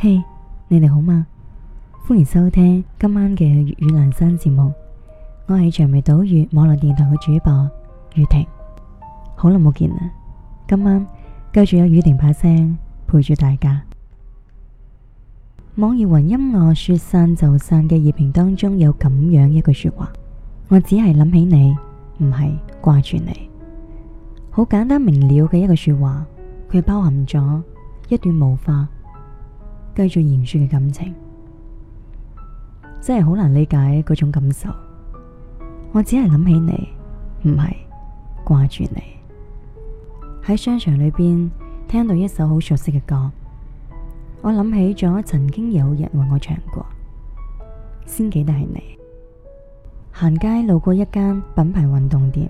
嘿，hey, 你哋好嗎？歡迎收聽今晚嘅粵語南山節目，我係長眉島嶼網絡電台嘅主播雨婷。好耐冇見啦，今晚繼續有雨婷把聲陪住大家。網易雲音樂山山《說散就散》嘅熱評當中有咁樣一句說話，我只係諗起你，唔係掛住你。好簡單明了嘅一個說話，佢包含咗一段無法。繼續言說嘅感情，真係好難理解嗰種感受。我只係諗起你，唔係掛住你。喺商場裏邊聽到一首好熟悉嘅歌，我諗起咗曾經有人為我唱過，先記得係你。行街路過一間品牌運動店，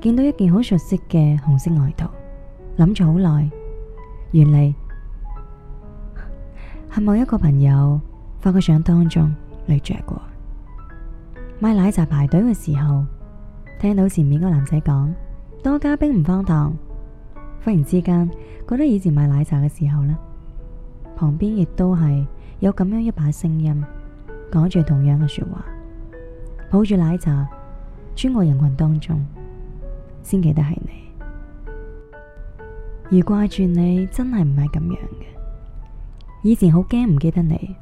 見到一件好熟悉嘅紅色外套，諗咗好耐，原嚟。係某一個朋友發個相當中，你着過。買奶茶排隊嘅時候，聽到前面個男仔講多加冰唔放糖。忽然之間，覺得以前買奶茶嘅時候呢，旁邊亦都係有咁樣一把聲音，講住同樣嘅說話，抱住奶茶穿過人群當中，先記得係你。而掛住你真係唔係咁樣嘅。以前好驚唔記得你，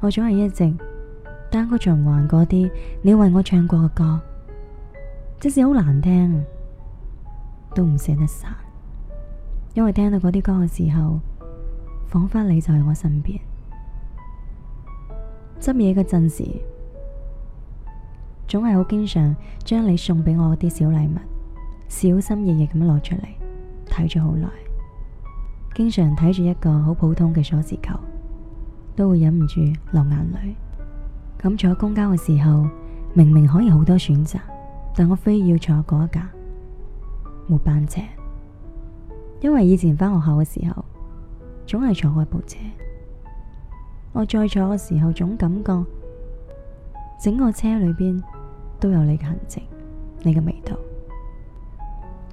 我總係一直單曲循環嗰啲你為我唱過嘅歌，即使好難聽，都唔捨得刪，因為聽到嗰啲歌嘅時候，仿佛你就喺我身邊。執嘢嘅陣時，總係好經常將你送俾我啲小禮物，小心翼翼咁樣攞出嚟睇咗好耐，經常睇住一個好普通嘅鎖匙扣。都會忍唔住流眼淚。咁坐公交嘅時候，明明可以好多選擇，但我非要坐嗰一架末班車，因為以前返學校嘅時候，總係坐開部車。我再坐嘅時候，總感覺整個車裏邊都有你嘅痕跡、你嘅味道。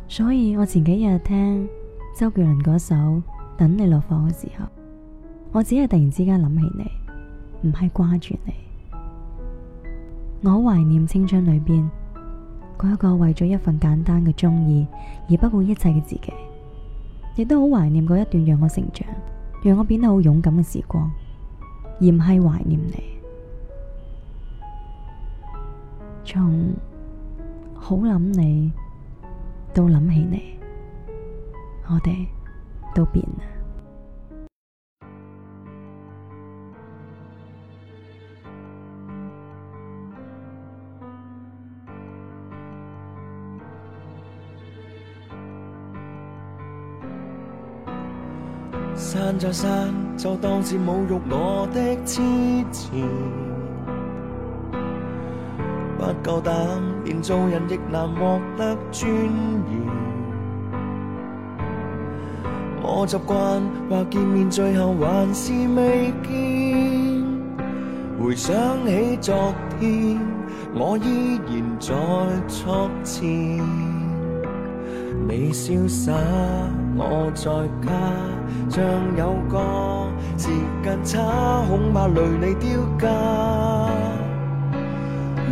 所以我前幾日聽周杰倫嗰首《等你落課》嘅時候。我只係突然之間諗起你，唔係掛住你。我好懷念青春裏邊嗰一個為咗一份簡單嘅中意而不顧一切嘅自己，亦都好懷念嗰一段讓我成長、讓我變得好勇敢嘅時光。而唔係懷念你，從好諗你到諗起你，我哋都變啦。散就散，就當是侮辱我的痴纏。不夠膽，連做人亦難獲得尊嚴。我習慣話見面最後還是未見，回想起昨天，我依然在錯刺。你瀟灑，我在家，像有個時間差，恐怕累你丟架。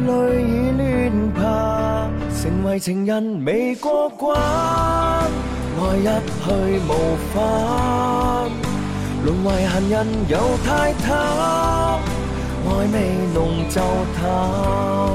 淚已亂爬，成為情人未過關，愛一去無返，淪為閒人又太貪，愛未濃就淡。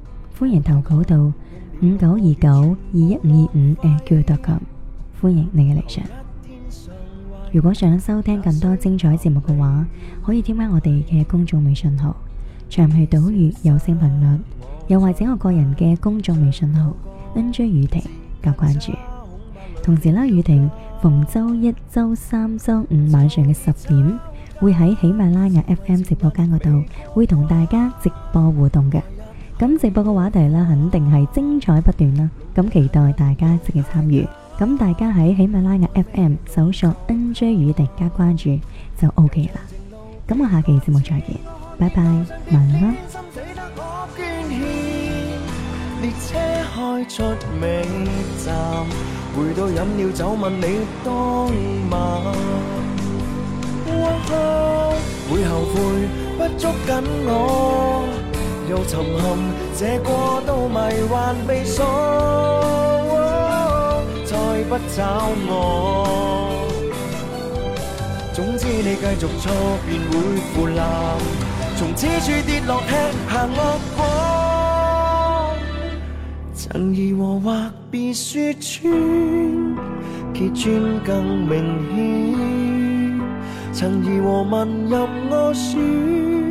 歡迎投稿到五九二九二一五二五，誒，QQ 點 com。歡迎你嘅嚟上。如果想收聽更多精彩節目嘅話，可以添加我哋嘅公眾微信號長崎島嶼有聲頻率，又或者我個人嘅公眾微信號 NJ 雨婷加關注。同時啦，雨婷逢周一、周三、周五晚上嘅十點，會喺喜馬拉雅 FM 直播間嗰度會同大家直播互動嘅。咁直播嘅話題咧，肯定係精彩不斷啦！咁期待大家積極參與。咁大家喺喜馬拉雅 FM 搜索 NJ 雨蝶加關注就 OK 啦。咁我下期節目再見，拜拜，晚安。又沉陷，這過渡迷幻未鎖，再不找我。總之你繼續錯，便會腐爛。從此處跌落，吃下惡果。曾疑和話別説穿，揭穿更明顯。曾疑和問，入我選。